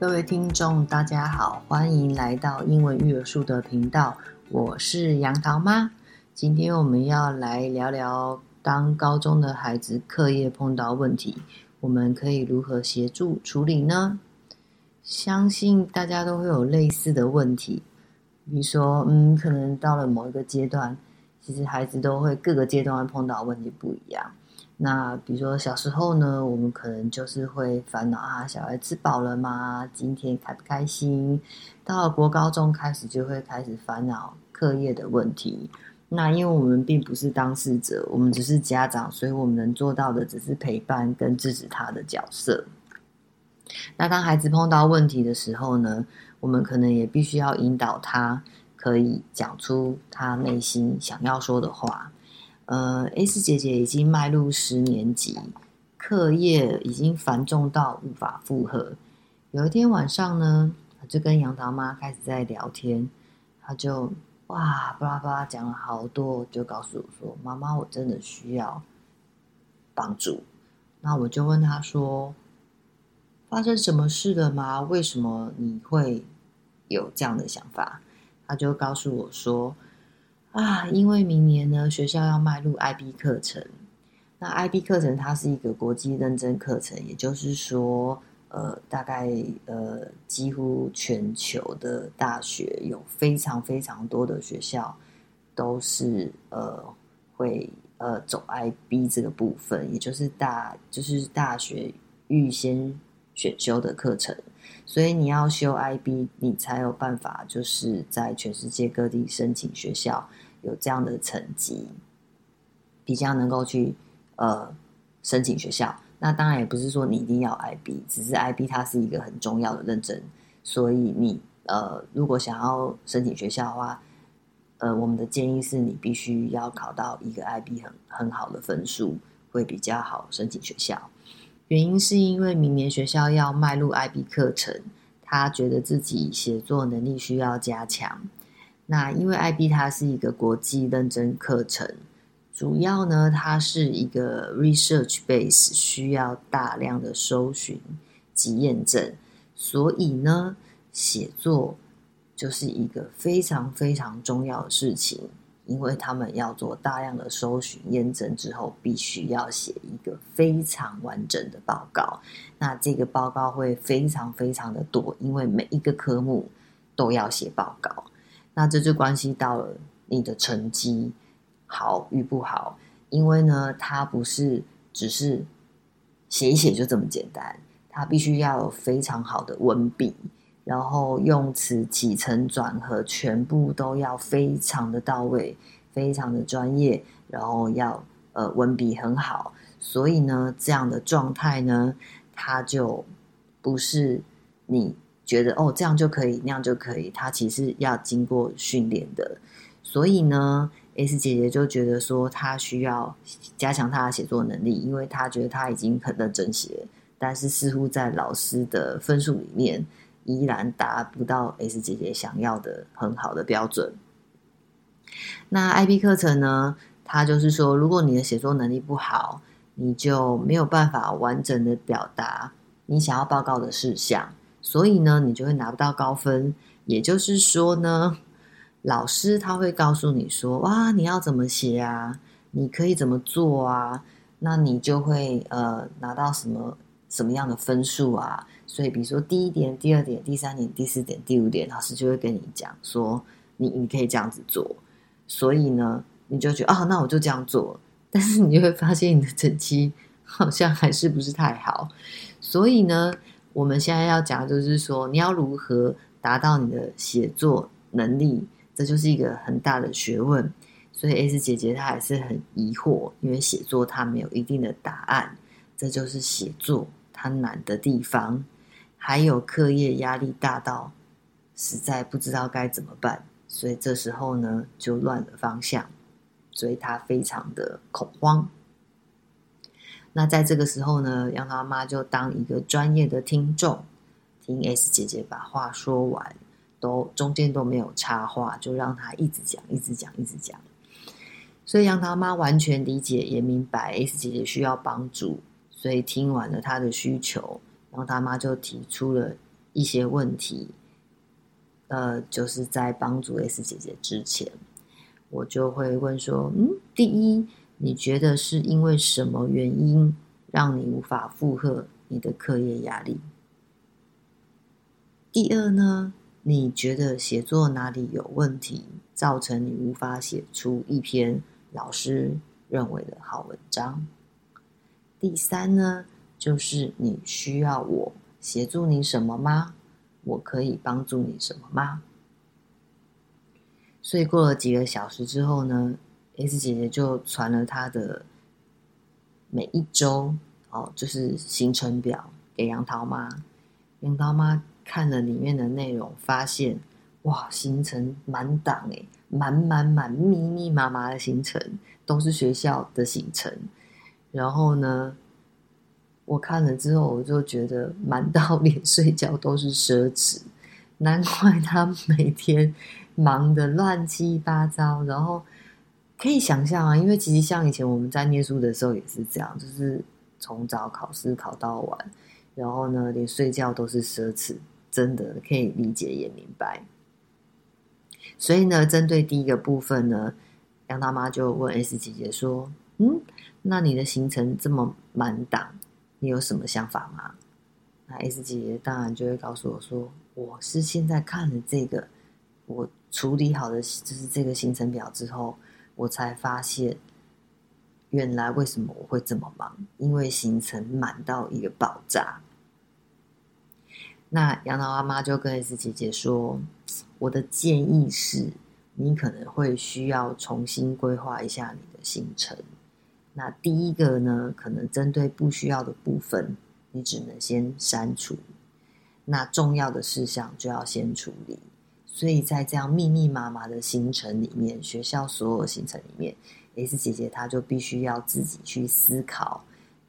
各位聽眾，大家好，歡迎來到英文育兒樹的頻道，我是楊桃媽。今天我們要來聊聊，當高中的孩子課業碰到問題，我們可以如何協助處理呢？相信大家都會有類似的問題，比如說，嗯，可能到了某一個階段，其實孩子都會各個階段會碰到問題不一樣。那比如說小時候呢，我們可能就是會煩惱啊，小孩吃飽了嗎？今天開不開心？到了國高中開始就會開始煩惱課業的問題。那因為我們並不是當事者，我們只是家長，所以我們能做到的只是陪伴跟支持他的角色。那當孩子碰到問題的時候呢，我們可能也必須要引導他，可以講出他內心想要說的話。呃，S 姐姐已經邁入十年級，課業已經繁重到無法負荷。有一天晚上呢，她就跟楊桃媽開始在聊天，她就哇巴拉巴拉講了好多，就告訴我說：“媽媽，我真的需要幫助。”那我就問她說：“發生什麼事了嗎？為什麼你會有這樣的想法？”她就告訴我說。啊，因為明年呢，學校要邁入 IB 課程。那 IB 課程它是一個國際認證課程，也就是說，呃，大概呃，幾乎全球的大學有非常非常多的學校都是呃會呃走 IB 這個部分，也就是大就是大學預先選修的課程。所以你要修 IB，你才有辦法，就是在全世界各地申請學校，有這樣的成績，比較能夠去呃申請學校。那當然也不是說你一定要 IB，只是 IB 它是一個很重要的認證。所以你呃，如果想要申請學校的話，呃，我們的建議是你必須要考到一個 IB 很很好的分數，會比較好申請學校。原因是因為明年學校要邁入 IB 課程，他覺得自己寫作能力需要加強。那因為 IB 它是一個國際認證課程，主要呢它是一個 research base，需要大量的搜尋及驗證，所以呢寫作就是一個非常非常重要的事情。因為他們要做大量的搜尋、驗證之後，必須要寫一個非常完整的報告。那這個報告會非常非常的多，因為每一個科目都要寫報告。那這就關係到了你的成績好與不好，因為呢，它不是只是寫一寫就這麼簡單，它必須要有非常好的文筆。然後用詞、起承轉合全部都要非常的到位，非常的專業，然後要呃文筆很好。所以呢，這樣的狀態呢，他就不是你覺得哦，這樣就可以，那樣就可以，他其實要經過訓練的。所以呢，S 姐姐就覺得說，她需要加強她的寫作能力，因為她覺得她已經很認真寫，但是似乎在老師的分數裡面。依然達不到 S 姐姐想要的很好的標準。那 IB 課程呢？它就是說，如果你的寫作能力不好，你就沒有辦法完整的表達你想要報告的事項，所以呢，你就會拿不到高分。也就是說呢，老師他會告訴你說：“哇，你要怎麼寫啊？你可以怎麼做啊？那你就會呃拿到什麼什麼樣的分數啊？”所以，比如說第一點、第二點、第三點、第四點、第五點，老師就會跟你講說，你你可以這樣子做。所以呢，你就覺得啊、哦，那我就這樣做。但是你就會發現你的成績好像還是不是太好。所以呢，我們現在要講的就是說，你要如何達到你的寫作能力，這就是一個很大的學問。所以 S 姐姐她還是很疑惑，因為寫作她沒有一定的答案，這就是寫作它難的地方。還有課業壓力大到實在不知道該怎麼辦，所以這時候呢，就亂了方向，所以他非常的恐慌。那在這個時候呢，楊桃媽就當一個專業的聽眾，聽 S 姐姐把話說完，都中間都沒有插話，就讓她一直講，一直講，一直講。所以楊桃媽完全理解，也明白 S 姐姐需要幫助，所以聽完了她的需求。然後他媽就提出了一些問題，呃，就是在幫助 S 姐姐之前，我就會問說：嗯，第一，你覺得是因為什麼原因讓你無法負荷你的課業壓力？第二呢，你覺得寫作哪裡有問題，造成你無法寫出一篇老師認為的好文章？第三呢？就是你需要我協助你什麼嗎？我可以幫助你什麼嗎？所以過了幾個小時之後呢，S 姐姐就傳了她的每一周哦，就是行程表給楊桃媽。楊桃媽看了裡面的內容，發現哇，行程滿檔誒、欸，滿滿滿密密麻麻的行程都是學校的行程，然後呢，我看了之後，我就覺得滿到連睡覺都是奢侈，難怪他每天忙得亂七八糟。然後可以想象啊，因為其實像以前我們在念書的時候也是這樣，就是從早考試考到晚，然後呢，連睡覺都是奢侈，真的可以理解也明白。所以呢，針對第一個部分呢，楊大媽就問 S 姐姐說：“嗯，那你的行程這麼滿檔？”你有什麼想法嗎？那 S 姐姐當然就會告訴我說，我是現在看了這個我處理好的就是這個行程表之後，我才發現原來為什麼我會這麼忙，因為行程滿到一個爆炸。那養老媽媽就跟 S 姐姐說，我的建議是你可能會需要重新規劃一下你的行程。那第一個呢，可能針對不需要的部分，你只能先刪除。那重要的事項就要先處理。所以在這樣密密麻麻的行程裡面，學校所有行程裡面，S 姐姐她就必須要自己去思考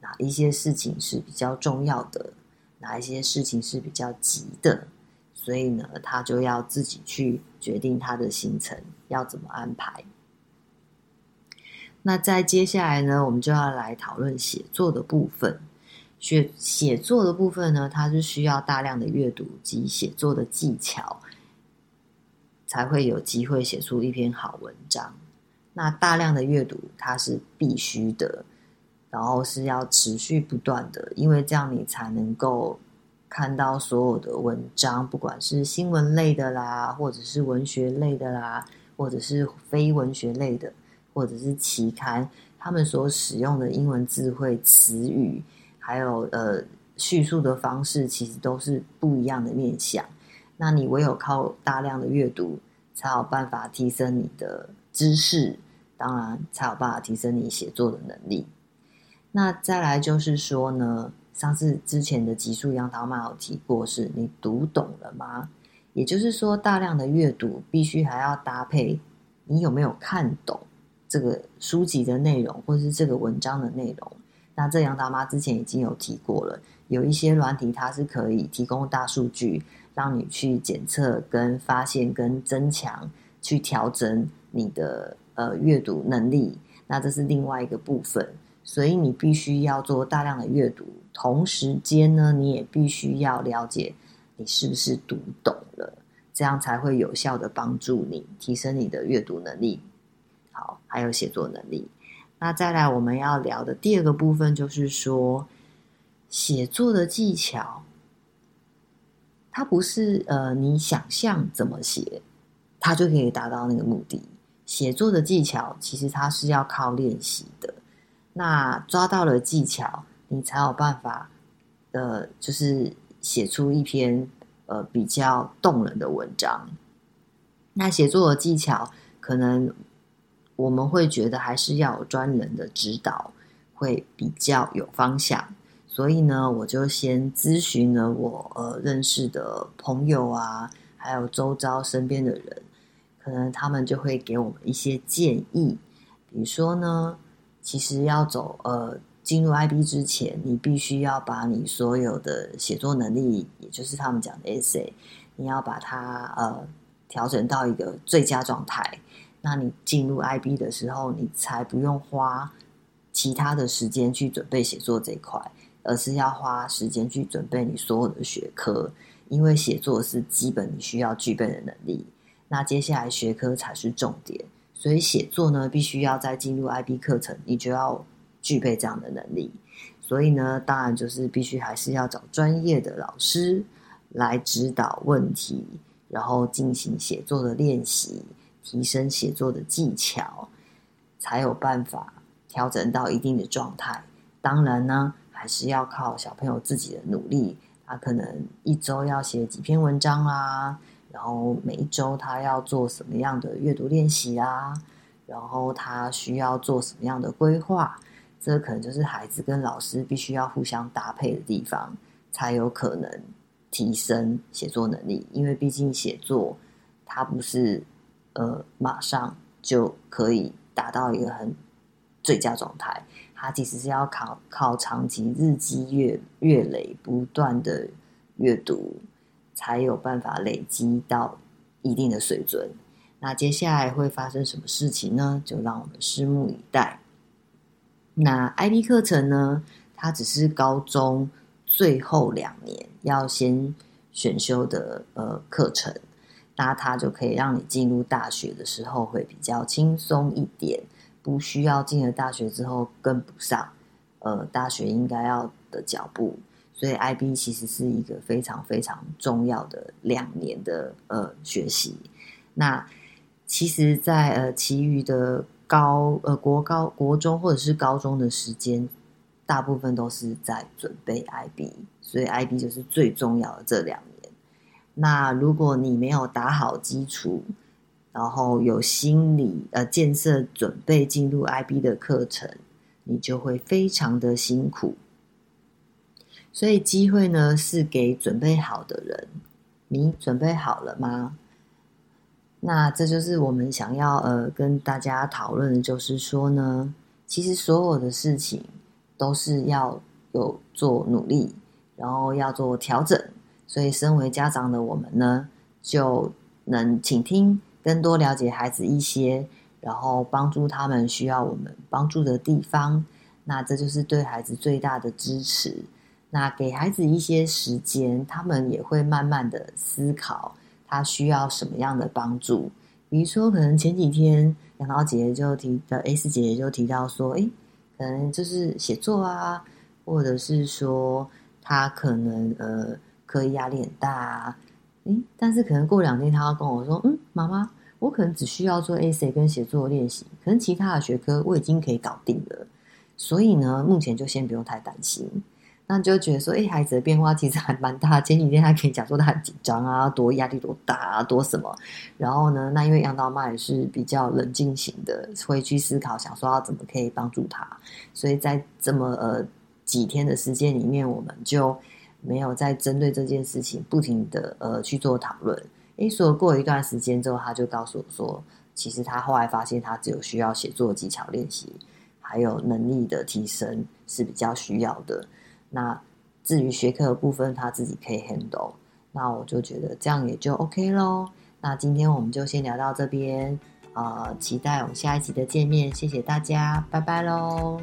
哪一些事情是比較重要的，哪一些事情是比較急的。所以呢，她就要自己去決定她的行程要怎麼安排。那在接下來呢，我們就要來討論寫作的部分。寫寫作的部分呢，它是需要大量的閱讀及寫作的技巧，才會有機會寫出一篇好文章。那大量的閱讀它是必須的，然後是要持續不斷的，因為這樣你才能夠看到所有的文章，不管是新聞類的啦，或者是文學類的啦，或者是非文學類的。或者是期刊，他們所使用的英文字彙詞語，還有呃敘述的方式，其實都是不一樣的面向。那你唯有靠大量的閱讀，才有辦法提升你的知識，當然才有辦法提升你寫作的能力。那再來就是說呢，上次之前的集數楊桃媽有提過是，是你讀懂了嗎？也就是說，大量的閱讀必須還要搭配你有沒有看懂。這個書籍的內容或是這個文章的內容，那這楊大媽之前已經有提過了，有一些軟體它是可以提供大數據，讓你去檢測、跟發現、跟增強、去調整你的呃閱讀能力，那這是另外一個部分，所以你必須要做大量的閱讀，同時間呢你也必須要了解你是不是讀懂了，這樣才會有效的幫助你提升你的閱讀能力。好，還有寫作能力。那再來，我們要聊的第二個部分就是說，寫作的技巧，它不是呃你想象怎麼寫，它就可以達到那個目的。寫作的技巧其實它是要靠練習的。那抓到了技巧，你才有辦法，呃，就是寫出一篇呃比較動人的文章。那寫作的技巧可能。我們會覺得還是要有專人的指導，會比較有方向。所以呢，我就先諮詢了我呃認識的朋友啊，還有周遭身邊的人，可能他們就會給我們一些建議。比如說呢，其實要走呃進入 IB 之前，你必須要把你所有的寫作能力，也就是他們講的 Essay，你要把它呃調整到一個最佳狀態。那你進入 IB 的時候，你才不用花其他的時間去準備寫作這一塊，而是要花時間去準備你所有的學科，因為寫作是基本你需要具備的能力。那接下來學科才是重點，所以寫作呢，必須要在進入 IB 課程，你就要具備這樣的能力。所以呢，當然就是必須還是要找專業的老師來指導問題，然後進行寫作的練習。提升寫作的技巧，才有辦法調整到一定的狀態。當然呢，還是要靠小朋友自己的努力。他可能一周要寫幾篇文章啊，然後每一周他要做什麼樣的閱讀練習啊，然後他需要做什麼樣的規劃，這可能就是孩子跟老師必須要互相搭配的地方，才有可能提升寫作能力。因為畢竟寫作，它不是。呃，馬上就可以達到一個很最佳狀態。它其實是要靠靠長期、日積月月累不斷的閱讀，才有辦法累積到一定的水準。那接下來會發生什麼事情呢？就讓我們拭目以待。那 IB 課程呢？它只是高中最後兩年要先選修的呃課程。那它就可以讓你進入大學的時候會比較輕鬆一點，不需要進了大學之後跟不上，呃，大學應該要的腳步。所以 IB 其實是一個非常非常重要的兩年的呃學習。那其實在，在呃其餘的高呃國高國中或者是高中的時間，大部分都是在準備 IB，所以 IB 就是最重要的這兩年。那如果你沒有打好基礎，然後有心理呃建設準備進入 IB 的課程，你就會非常的辛苦。所以機會呢是給準備好的人，你準備好了嗎？那這就是我們想要呃跟大家討論的就是說呢，其實所有的事情都是要有做努力，然後要做調整。所以，身為家長的我們呢，就能傾聽、更多了解孩子一些，然後幫助他們需要我們幫助的地方。那這就是對孩子最大的支持。那給孩子一些時間，他們也會慢慢的思考他需要什麼樣的幫助。比如說，可能前幾天，然後姐姐就提的、呃、S 姐，姐姐就提到說：“哎，可能就是寫作啊，或者是說他可能呃。”可以壓力很大，啊，但是可能過兩天他要跟我說，嗯，媽媽，我可能只需要做 A C 跟寫作練習，可能其他的學科我已經可以搞定了，所以呢，目前就先不用太擔心。那就覺得說，哎，孩子的變化其實還蠻大。前幾天他可以講說他很緊張啊，多壓力多大啊，多什麼，然後呢，那因為楊大媽也是比較冷靜型的，會去思考想說要怎麼可以幫助他，所以在這麼呃幾天的時間裡面，我們就。沒有再針對這件事情不停地呃去做討論，誒，所以過一段時間之後，他就告訴我說，其實他後來發現他只有需要寫作技巧練習，還有能力的提升是比較需要的。那至於學科的部分，他自己可以 handle。那我就覺得這樣也就 OK 咯。那今天我們就先聊到這邊，啊、呃，期待我們下一集的見面，謝謝大家，拜拜嘍。